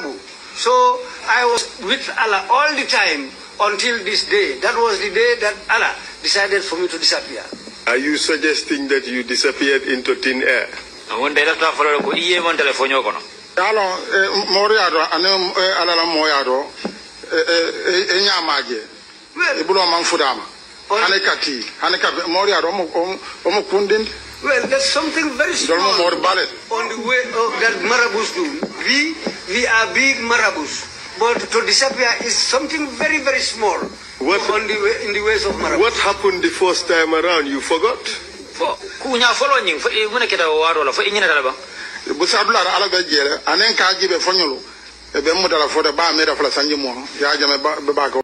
Abu. So I was with Allah all the time until this day. That was the day that Allah decided for me to disappear. Are you suggesting that you disappeared into thin air? I telephone Alors, moriado, ane eh, alala moriado, enya eh, eh, Well. ibulo manfudama, ane kati, ane kabe, moriado, omo kundin. Well, there's something very small on the way of that marabus do. We, we are big marabous. But to disappear is something very, very small what, on the in the ways of marabous. What happened the first time around? You forgot? For kunya folo nying eh, muna kita waro la fo inyina dala ba busa blar ala be jere anen ka jibe fonyolo e be mudala fo de ba me da fo sanji mo ya jame ba ba